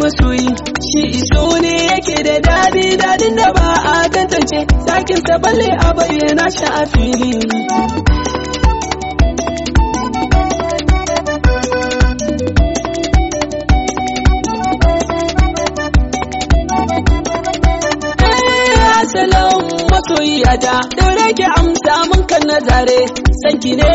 masoyi shi iso ne yake da daɗi dadin da ba a tantance sakin ta balle a bayyana shi a fili yada da rage amsa mun kan nazare sanki ne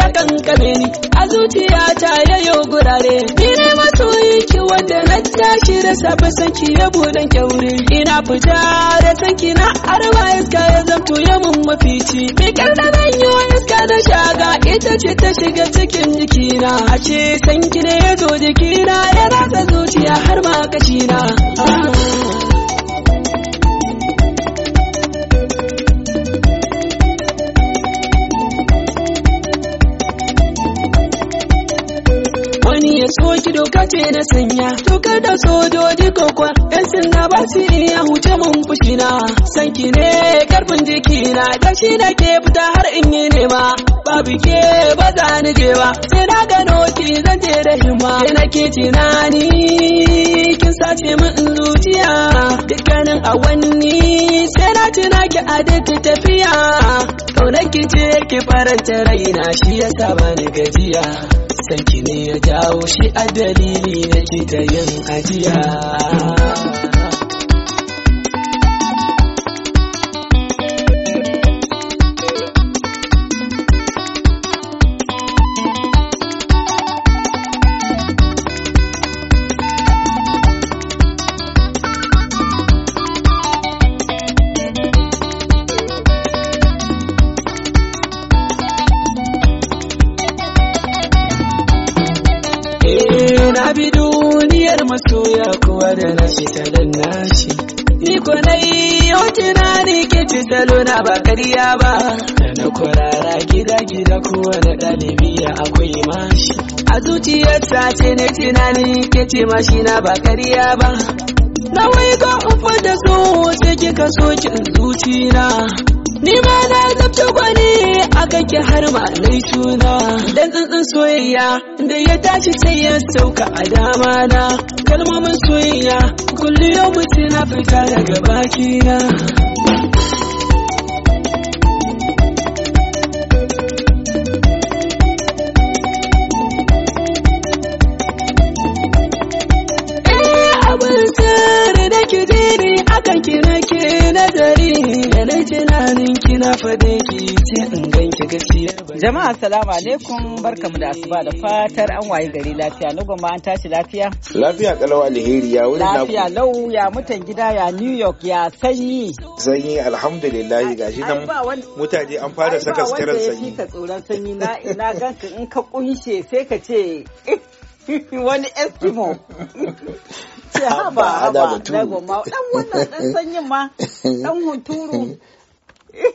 ya kankame ni a zuciyata ya yi gurare ni ne masoyi wanda na tashi da safe sanki ya buɗan kyaure ina fita da sanki na arba iska ya zanto ya mun mafici mai da zan yi iska da shaga ita ce ta shiga cikin jikina a ce sanki ne ya zo jikina ya rasa zuciya har ma kashina. lokaci na sanya Tukar da sojoji kokwa yan sinna ba su iya huce mun fushina sanki ne karfin jikina da shi na ke fita har in yi nema babu ke ba za ni je ba sai na gano ki zan je da himma sai na ke tunani kin sace min zuciya dukkanin awanni sai na tuna ki a tafiya kaunar ki ce ki faranta raina shi yasa ba ni gajiya sanki ne ya jawo shi a dalili nake ta yin ajiya ce ne tunani ke ce ma ba kariya ba na wai ga ufa da so sai kika sokin zuci na ni ma na zafi gwani aka ki har ma nai suna dan tsuntsun soyayya da ya tashi sai ya sauka a dama na kalmomin soyayya kullum yau mutum na fita daga bakina. fade ki in ganki gaskiya jama'a assalamu alaikum barkamu da asuba da fatar an waye gari lafiya na goma an tashi lafiya lafiya kalau alheri ya wuri lafiya lau ya mutan gida ya new york ya sanyi sanyi alhamdulillah gashi nan mutane an fara saka sukaran sanyi ka tsoron sanyi na ina ganka in ka kunshe sai ka ce eh, wani eskimo ce haba haba na goma dan wannan dan sanyin ma dan hunturu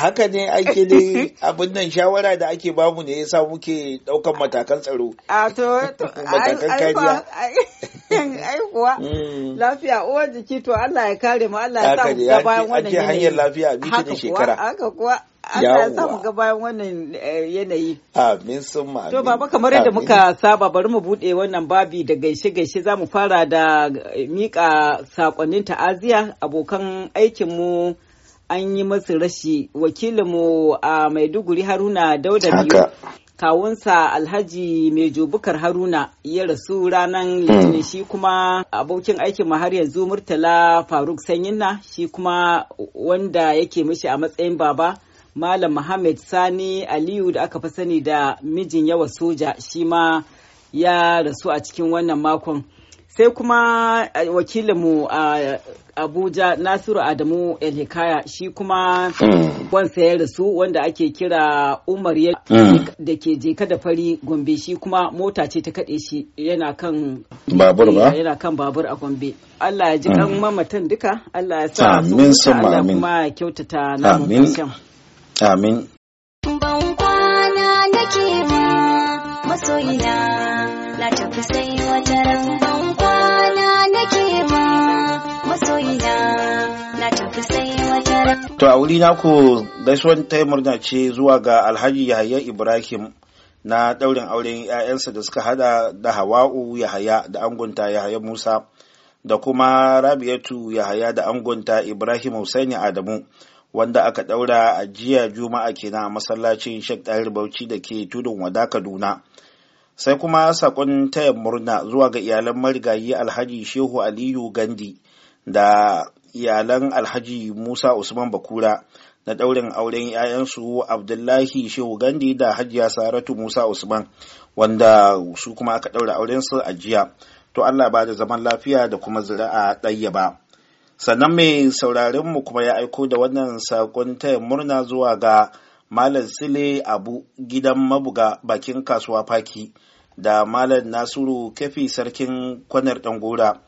haka ne ake dai abin nan shawara da ake bamu ne yasa muke daukan matakan tsaro a to matakan kariya ai kuwa mm. lafiya uwar jiki to Allah ya kare mu Allah ya sa mu ga bayan wannan yanayi hanyar lafiya biki da shekara haka kuwa Allah ya sa mu ga bayan wannan eh, yanayi amin sun ma to baba kamar yadda muka saba bari mu bude wannan babi da gaishe gaishe zamu fara da eh, mika sakonnin ta'aziya abokan aikin mu an yi masu rashi wakilinmu a maiduguri haruna dauda biyu kawunsa alhaji mai jubukar haruna ya rasu ranar hmm. litinin shi kuma abokin aikin mu har yanzu murtala faruk sanyinna shi kuma wanda yake mishi a matsayin baba malam muhammad sani aliyu da aka fi sani da mijin yawa soja shi ma ya rasu a cikin wannan makon sai kuma eh, wakilinmu a abuja nasiru adamu elhikaya shi kuma mm. wansa ya rasu wanda ake kira umar mm. da ke jeka da fari gombe shi kuma mota ce ta kaɗe shi yana kan babur ba eh, yana kan babur a gombe allah ya ji kan mm. mamatan duka allah ya sa su allah kuma ya kyautata namun amin ban kwana nake ba masoyina na tafi sai wata ran ban To a wuri naku, ku gaisuwan murna ce zuwa ga Alhaji Yahaya Ibrahim na ɗaurin auren 'ya'yansa da suka hada da Hawa'u Yahaya da angonta Yahaya Musa da kuma Rabiatu Yahaya da angonta Ibrahim Hussaini Adamu wanda aka ɗaura a jiya Juma'a kenan a masallacin Sheikh Tahir Bauchi da ke tudun wada Kaduna. Sai kuma sakon taya murna zuwa ga iyalan marigayi Alhaji Shehu Aliyu Gandi da iyalan alhaji musa usman bakura na ɗaurin auren 'ya'yansu abdullahi shehu gandi da hajiya saratu musa usman wanda su kuma aka ɗaura aurensu a jiya to allah ba da zaman lafiya da kuma zira'a ɗaya ba sannan mai saurarinmu kuma ya aiko da wannan saƙon taya murna zuwa ga malam sile abu gidan mabuga bakin kasuwa faki da malam nasiru kafi sarkin kwanar ɗangora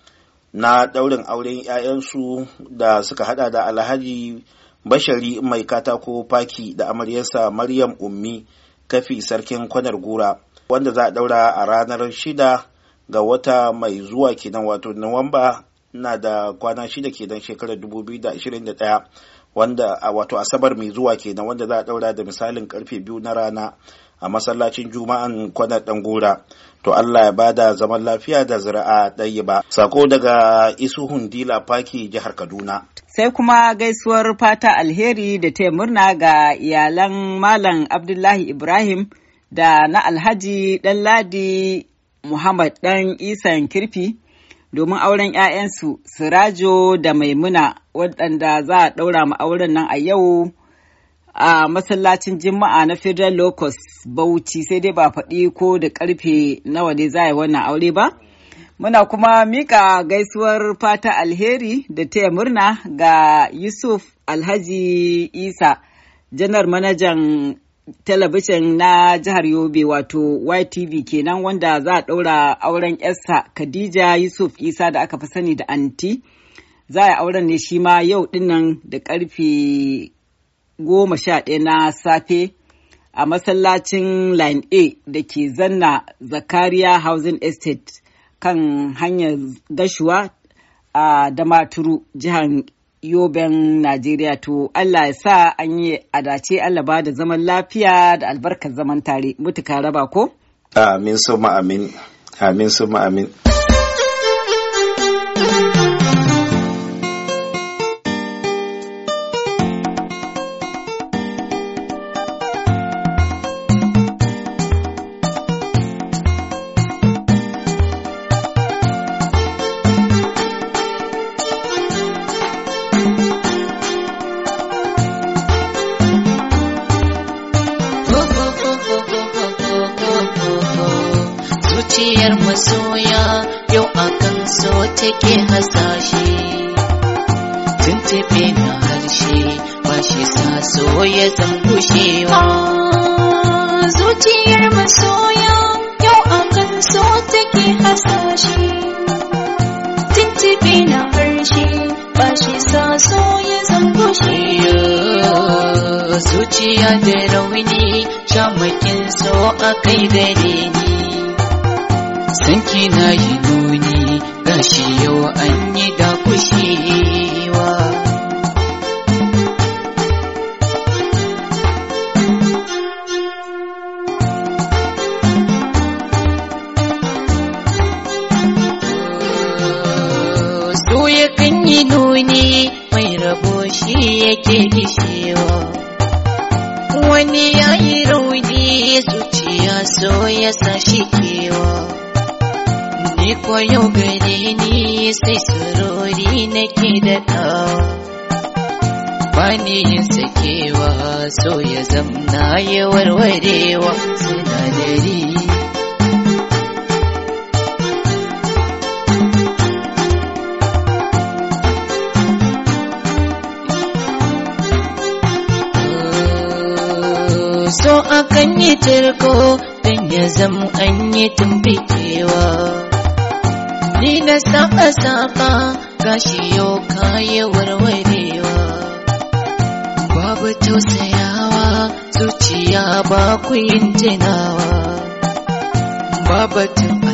na daurin auren 'ya'yansu da suka hada da alhaji bashari mai katako faki da amaryarsa maryam ummi kafi sarkin kwanar gura wanda za a daura a ranar shida ga wata mai zuwa kenan wato nuwamba na da kwana shida kenan shekarar 2021 wanda wato asabar mai zuwa kenan wanda za a daura da misalin karfe biyu na rana a masallacin juma'an kwanar gora to allah ya bada zaman lafiya da zira'a ɗaya ba sako daga isuhun dila faki jihar kaduna sai kuma gaisuwar fata alheri da ta murna ga iyalan malam abdullahi ibrahim da na alhaji dan ladi muhammad dan isan kirfi domin auren 'ya'yansu sirajo da maimuna waɗanda za a ɗaura ma auren nan a yau a masallacin Juma'a na Federal locus Bauchi sai dai ba faɗi ko da karfe nawa ne za a yi wannan aure ba. Muna kuma mika gaisuwar fata alheri da taya murna ga Yusuf Alhaji Isa, janar manajan talabijin na jihar Yobe wato YTV kenan wanda za a ɗaura auren yarsa Khadija Yusuf Isa da aka fi sani da anti. Za a auren ne shi ma yau dinnan da karfe goma sha ɗaya na safe a masallacin line a da ke zanna Zakariya housing estate kan hanyar gashuwa a damaturu jihar yoben najeriya to allah ya sa an yi adace allah ba da zaman lafiya da albarkar zaman tare mutuka raba ko amin suma amin amin suma amin Zuciyar masoya yau akan so take hasashe tuntube na harshe ba shi sa so ya zan gushewa ah, zuciyar masoya yau akan so take hasashe tuntube na harshe ba shi sa so ya zan gushewa zuciya da rauni shamakin so a kai gare ni sanki na yi nuni gashi yau an yi da kushewa so kan yi nuni mai rabo shi yake gishewa wani ya yi rauni zuciya so ya sa shi kewa koyo gare ni sai surori nake da ɗawa bani sakewa so ya zamna ya warwarewa sinadari so akan yi tarko don ya zama an yi tumfikewa ni na saba saba gashi yau yi warwarewa babu tausayawa zuciya ba ku yin jinawa babu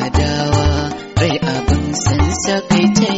adawa rai abin san kai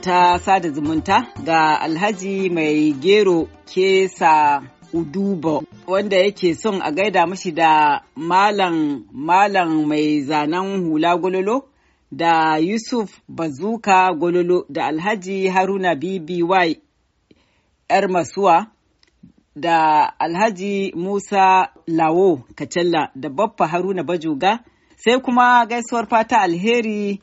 ta sada zumunta ga Alhaji mai gero kesa Uduba wanda yake son a gaida mashi da Malam Malam mai zanen hula gololo da Yusuf Bazuka gololo da Alhaji Haruna BBY ‘yar masuwa da Alhaji Musa Lawo Kacella da Baffa Haruna Bajuga sai kuma gaisuwar fata alheri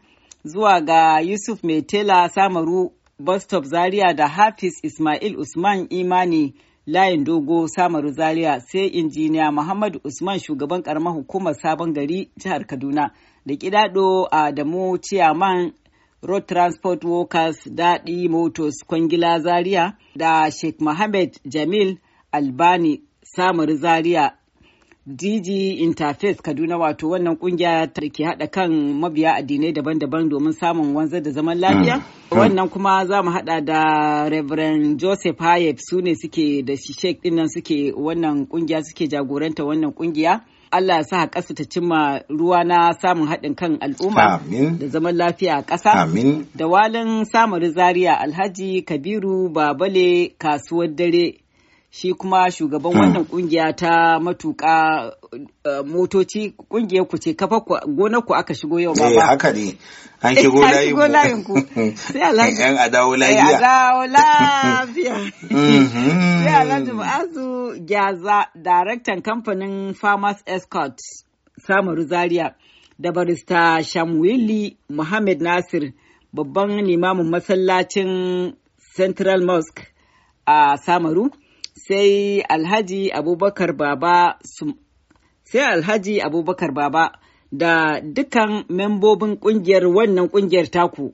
zuwa ga Yusuf Mai Tela Samaru Bostop Zaria da Hafiz Ismail Usman Imani layin dogo Samaru Zaria sai injiniya Muhammadu Usman shugaban karamar hukumar Sabon Gari jihar Kaduna da kidado Adamu Ciyaman Road Transport Workers Daɗi Motors Kwangila Zaria da Sheikh Mohammed Jamil Albani Samaru Zaria DG Interface Kaduna wato wannan kungiya ta ke haɗa kan mabiya addinai daban-daban domin samun wanzar da zaman lafiya. Mm. Wannan kuma za mu haɗa da Reverend Joseph Hayef su ne suke da Sheikh dinnan suke wannan kungiya suke jagoranta wannan kungiya. Allah ya sa ƙasa ta cimma ruwa na samun haɗin kan al'umma da zaman lafiya a ƙasa. Da walin samarin zaria Alhaji Kabiru Babale kasuwar dare shi kuma shugaban hmm. wannan kungiya ta matuka eh, motoci kungiyar ku ce kafa gonar ku aka shigo yau ba eh, haka ne an shigo layin ku sai alhaji yan adawo eh, lafiya adawo lafiya mhm. sai alhaji ma'azu gyaza daraktan kamfanin farmers escort samaru zaria da barista shamwili muhammad nasir babban limamin masallacin central mosque a samaru sai Alhaji Abubakar Baba sai Alhaji Abubakar Baba da dukkan membobin kungiyar wannan kungiyar taku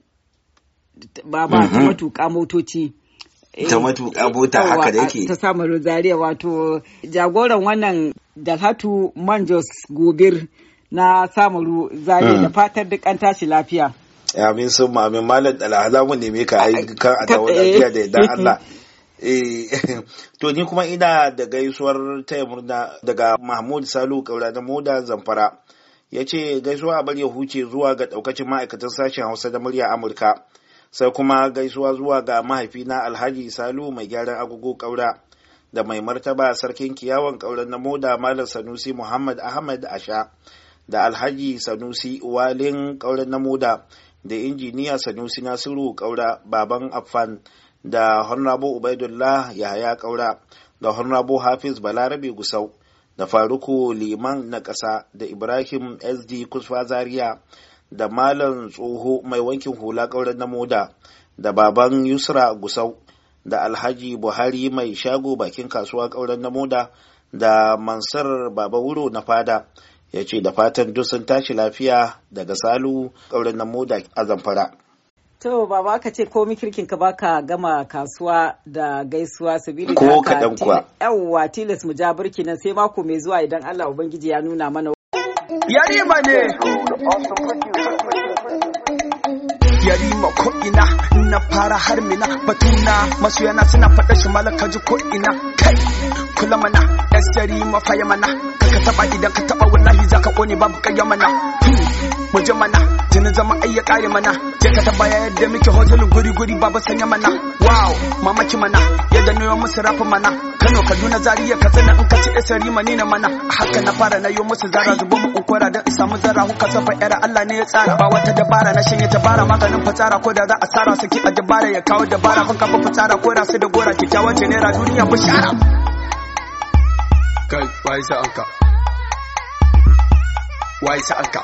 Baba ta mhm. matuƙa motoci. Eh, ta matuƙa mota haka da yake. Ta samu rozariya wato jagoran wannan Dalhatu Manjos Gobir na samun zariya da mm. fatar duk an tashi lafiya. Amin sun mamin malam al'alamu ne mai ka kan a ta eh. lafiya da idan Allah. Eh, to ni kuma ina da gaisuwar taya murna daga mahmud salu kaura da moda zamfara ya ce gaisuwa a bar ya huce zuwa ga daukacin ma'aikatan sashen hausa da murya amurka sai kuma gaisuwa zuwa ga mahaifi na alhaji salu mai gyaran agogo kaura da mai martaba sarkin kiyawan kauran na moda malam sanusi muhammad ahmad asha da alhaji sanusi walin kauran na moda da injiniya sanusi nasiru kaura baban afan. da Honorable Ubaidullah Yahaya Kaura da Honorable Hafiz Balarabe Gusau da Faruku Liman na ƙasa da Ibrahim SD Kusfa Zaria da Malam Tsoho mai wankin hula ƙauren na moda da Baban Yusra Gusau da Alhaji Buhari mai shago bakin kasuwa ƙauren na moda da mansar Baba Wuro na fada ya ce da fatan sun tashi lafiya daga Salu ƙauren na moda a Zamfara. To ba ka ce komi kirkin ka baka gama kasuwa da gaisuwa sabili ko kaɗan kuwa. Yawwa tilas mu ja birki nan sai mako mai zuwa idan Allah Ubangiji ya nuna mana. Yarima ne. yarima ko ina na fara har mina batuna masu yana suna faɗa shi malaka ji ko ina kai kula mana ɗas yarima mana ka taɓa idan ka taɓa wallahi za ka kone babu kayyamana na. Hmm, mu je mana ganin zama ayya ya kare mana je ka tabbaya yadda muke hotelin guri guri baba sanya mana wow mamaki mana yadda nayo musu rafa mana Kano Kaduna zariya ka tsana in ka ci isari na mana haka na fara na yo musu zara zubu mu kokora dan samu zara huka safa era Allah ne ya tsara ba wata dabara na shanye dabara maganin fatara ko da za a tsara saki a dabara ya kawo dabara kun kafa fitsara ko su da gora kikkiawa ce naira duniya bishara kai wai anka wai anka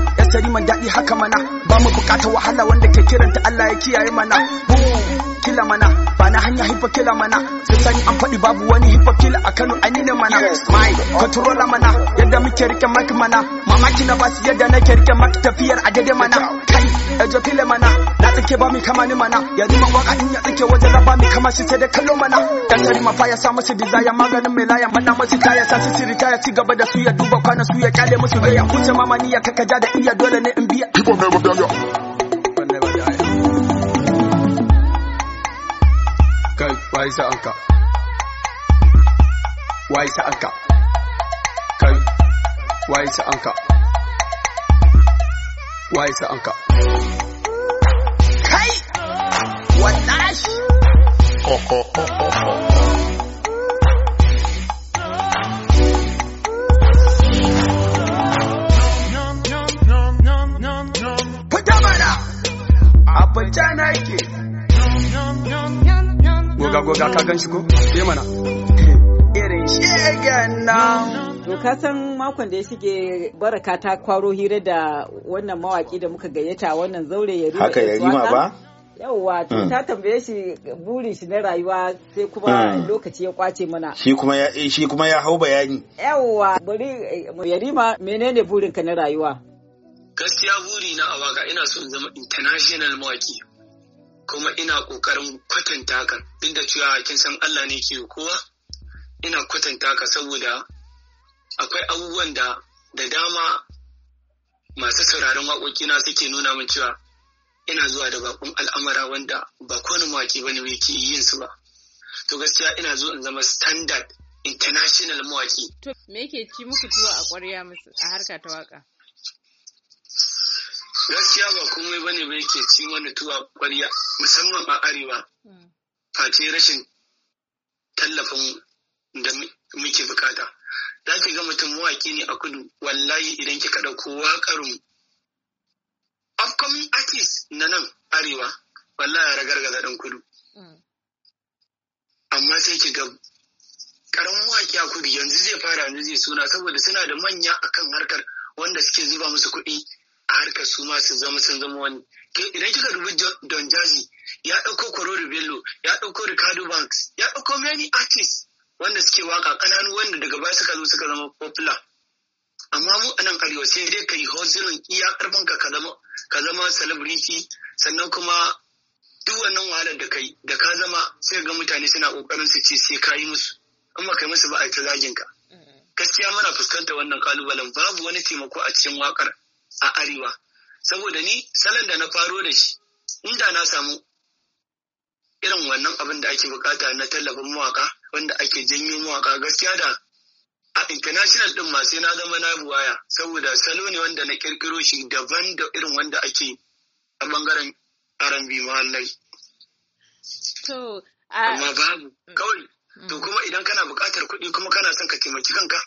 asari man daɗi haka mana ba mu bukata wahala wanda ke kiranta Allah ya kiyaye mana kila mana bana hanya hipa kila mana sai sani an faɗi babu wani hipa kila a Kano an ne mana mai controller mana yadda muke rike mic mana mamaki na basu yadda nake rike mic tafiyar a daidai mana kai ejo kila mana tsike ba mi kama ni mana yanzu man waka in ya tsike wajen raba mi kama shi sai da kallo mana dan sari mafa ya sa musu desire maganin mai layan bada musu taya sa su sirita ya ci gaba da su ya duba kwana su ya kyale musu gaya kuce mama ni ya kakaja da iya dole ne in biya people never die kai wai sa'anka wai sa'anka kai wai sa'anka wai Wallahi. Eh, to makon da ya shige baraka ta kwaro hira da wannan mawaki da muka gayyata wannan zaure ya Haka ya rima ba? yawwa mm. ta tambaye shi burin shi na rayuwa sai kuma mm. lokaci ya kwace mana shi kuma ya eh, hau bayani yawwa bari eh, yarima menene burin ka na rayuwa gaskiya buri na awaka ina son zama international mawaki kuma ina kokarin kwatanta ka duk da cewa kin san Allah ne ke kowa ina kwatanta ka saboda akwai abubuwan da da dama masu sauraron na suke nuna min cewa ina zuwa da bakon al'amara wanda ba kowane mawaki ba ne yake yin su ba to gaskiya ina zuwa in zama standard international mawaki to me yake ci muku tuwo a ƙwarya musu a harka ta waka gaskiya ba komai ba ne ba yake ci wani tuwo a ƙwarya musamman a arewa hmm. face rashin tallafin da muke bukata za ki ga mutum mawaki ne a kudu wallahi idan kika ɗauko waƙar komi artist na nan arewa wallahi ragargaza ɗan kudu mm. amma sai ki ga karamin waki a kudu yanzu zai fara yanzu zai suna saboda suna da manya akan harkar wanda suke zuba musu kuɗi a harkar su ma su zama sun zama wani idan kika dubi don jazi ya ɗauko koro bello ya ɗauko ricardo banks ya ɗauko many artists wanda suke waka ƙananu wanda daga baya suka zo suka zama popular amma mu a nan arewa sai dai ka yi hozilin iya karfin ka ka zama celebrity sannan kuma duk wannan wahalar da kai da ka zama sai ga mutane suna kokarin su ce sai ka yi musu in ba kai musu ba a ta zagin ka mm-hmm. gaskiya muna fuskantar wannan kalubalen babu wani taimako a cikin wakar a arewa saboda ni salon da na faro da shi inda na samu irin wannan abin da ake bukata na tallafin mawaka wanda ake janyo mawaka gaskiya da a international din ma sai na zama na buwaya saboda salo ne wanda na kirkiro shi daban da irin wanda ake a bangaren R&B mahallai. To, amma babu mm. kawai to mm. kuma idan kana bukatar kuɗi kuma kana son ka taimaki kanka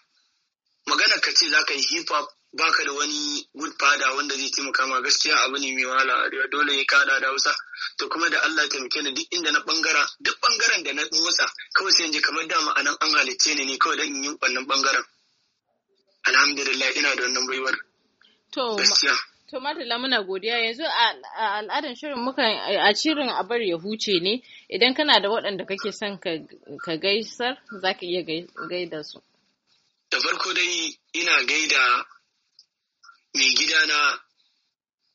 magana ka ce za ka yi hip hop baka da wani good father wanda zai taimaka ma gaskiya abu ne mai wahala dole ya kada da hausa to kuma da Allah taimake ni duk inda na bangara duk bangaren da na motsa kawai sai je kamar dama nan an halicce ni ne kawai dan in yi wannan bangaren alhamdulillah ina da wannan baiwar to gaskiya to madalla muna godiya yanzu a al'adar shirin muka a shirin a bar ya huce ne idan kana da waɗanda kake son ka gaisar zaka iya gaida su da farko dai ina gaida mai gidana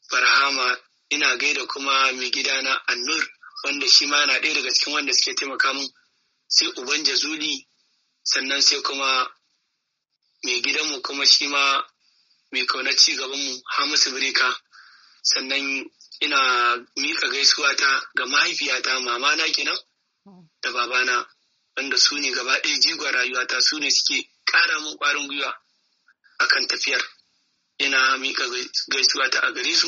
Farahama ina gaida kuma mai gidana annur wanda shi ma yana ɗaya daga cikin wanda suke taimaka min sai uban jazuli sannan sai kuma mai gidanmu kuma shi ma mai kauna ci gabanmu hamisu birika sannan ina mika gaisuwa ta ga mahaifiyata mamana kenan da babana wanda su ne gaba ɗaya jigon rayuwata su ne suke ƙara min ƙwarin gwiwa akan tafiyar ina mika gaisuwa ta a gare su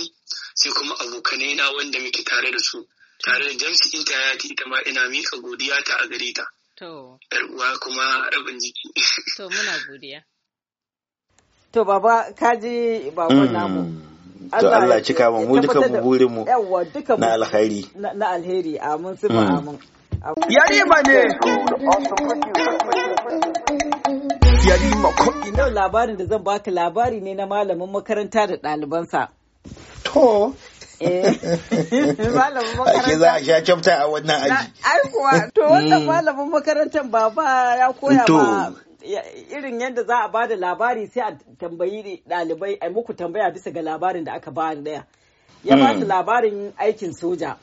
sai kuma abokanai na wanda muke tare da su tare da jamsi in ta yati ita ma ina mika godiya ta a gare ta to uwa kuma rabin jiki to muna godiya to baba kaji baban mm. namu to Allah ya cika mu mu duka mu burin mu na alheri na alheri amin sifa mm. amin yari ba ne ma Yau labarin da zan baka labari ne na malamin makaranta da ɗalibansa. To. Eh. malamin makaranta. Ake za a sha kyauta a wannan aji. Ai kuwa, to wannan mm. malamin makarantar baba ya koya ba, irin yadda za a ba da labari sai a tambayi ɗalibai a muku tambaya bisa ga labarin da aka ba daya. Ya ba su mm. labarin aikin soja.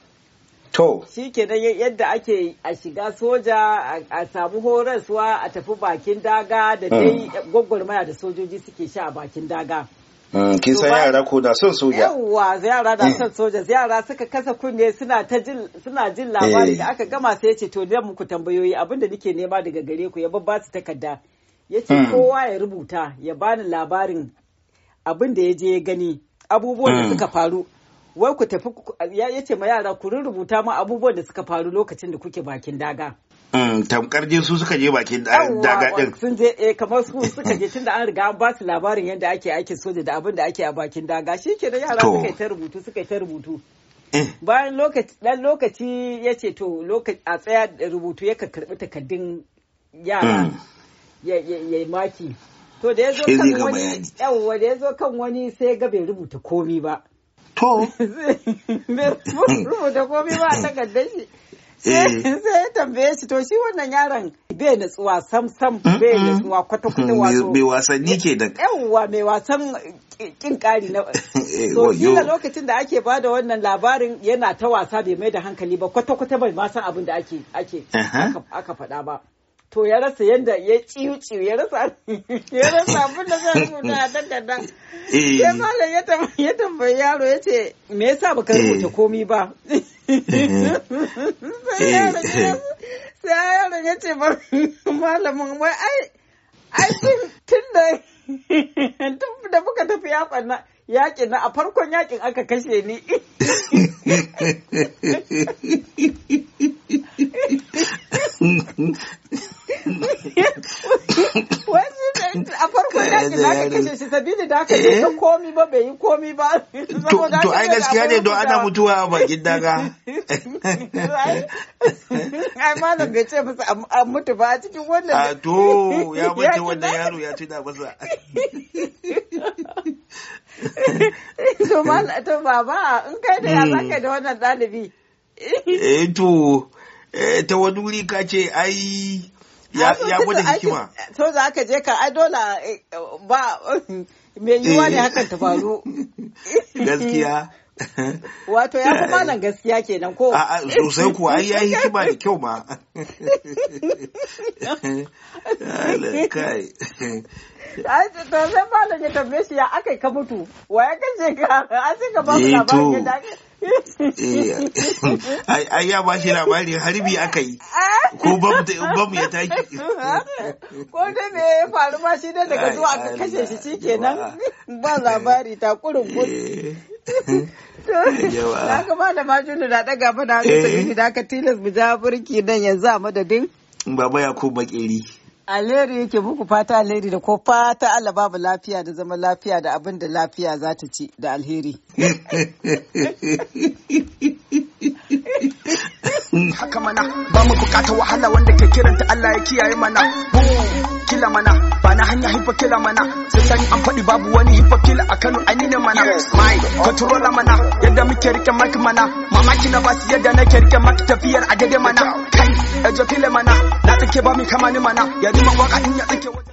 To. Shi kenan yadda ake a shiga soja a samu horaswa a tafi bakin daga da hmm. dai gwagwarmaya da sojoji suke sha a bakin daga. Hmm, kin san yara ko na son soja Yawwa yara na hmm. son soja yara suka kasa kunne suna jin labari da eh. aka gama sai ce to dan muku tambayoyi abinda nake nema daga gare ku ya babba su takarda ce kowa ya rubuta ya bani labarin abinda ya je ya gani abubuwan da suka faru wai ku tafi ya ce ma yara ku rubuta ma abubuwan da suka faru lokacin da kuke bakin daga. Mm, tamkar je su suka je bakin eh, daga din sun je eh kamar su suka je tunda an riga an ba su labarin yadda ake aiki soja da abin da ake a bakin daga shi ke da yara suka yi ta rubutu suka yi ta rubutu eh. bayan lokaci dan lokaci ya ce to a tsaya rubutu ya karbi takaddun yara mm. ya maki to da ya zo kan wani sai ga bai rubuta komi ba to da komai ba takardar shi eh. sai ya tambaye shi to shi wannan yaron bai natsuwa sam sam bai natsuwa kwata kwata wato mai wasanni ke da yawwa mai wasan kin kari na so eh, na lokacin da ake bada wannan labarin yana ta wasa bai mai da hankali ba kwata kwata bai ma san abin da ake ake aka faɗa ba to ya rasa yadda ya ciyu-ciyu ya rasa ya rasa abin da zai rubuta a takarda eh. ya malam ya tambayi yaro ya ce me yasa baka rubuta eh. komi ba eh. sai yaron ya ce malamin wai ai ai tun da tun da muka tafi ya na yaƙin na a farkon yaƙin aka kashe ni Wani a farko da ka kashe shi sabili da ka yi eh? komi ba bai yi komi ba to ai gaskiya ne don ana mutuwa a bakin daga ai malam bai ce masa a mutu ba a cikin wannan a to ya bace wannan yaro ya tuna masa to malam to baba in kai da ya zaka hmm. da wannan dalibi eh to eh, ta wani wuri ka ce ai ya gwada hikima to za ka je ka ai dola eh, ba mai yiwuwa ne eh. hakan ta faru gaskiya Wato ya fi malam eh. gaskiya kenan ko? A'a sosai kuwa ai yayi hikima da kyau ma. kai. to sai malam ya tambaye shi ya akai ka mutu. Wa ya kace ka? An sai ka ba mu eh, labarin da eh, ai ya ba shi labari harbi aka yi ko bam ya taki ko da me ya faru ma shi da daga zuwa aka kashe shi shikenan ba labari ta kurin Na gaba da majinu da ɗaga mana hannu sabili eh. da aka tilas mu ja burki nan yanzu a madadin. Baba ya bakeri. Alheri yake muku fata alheri da ko fata Allah babu lafiya da zama lafiya da abin da lafiya za ta ci da alheri. Haka mana ba mu bukata wahala wanda ke kiranta Allah ya kiyaye mana. kila mana ba na hanya hipa kila mana sai sani an faɗi babu wani hipa kila a Kano an ne mana mai kotrola mana yadda muke rike mic mana mamaki na basu yadda nake rike mic tafiyar a daidai mana kai ejo kila mana na tsike ba mi kama ni mana ya man waka in ya tsike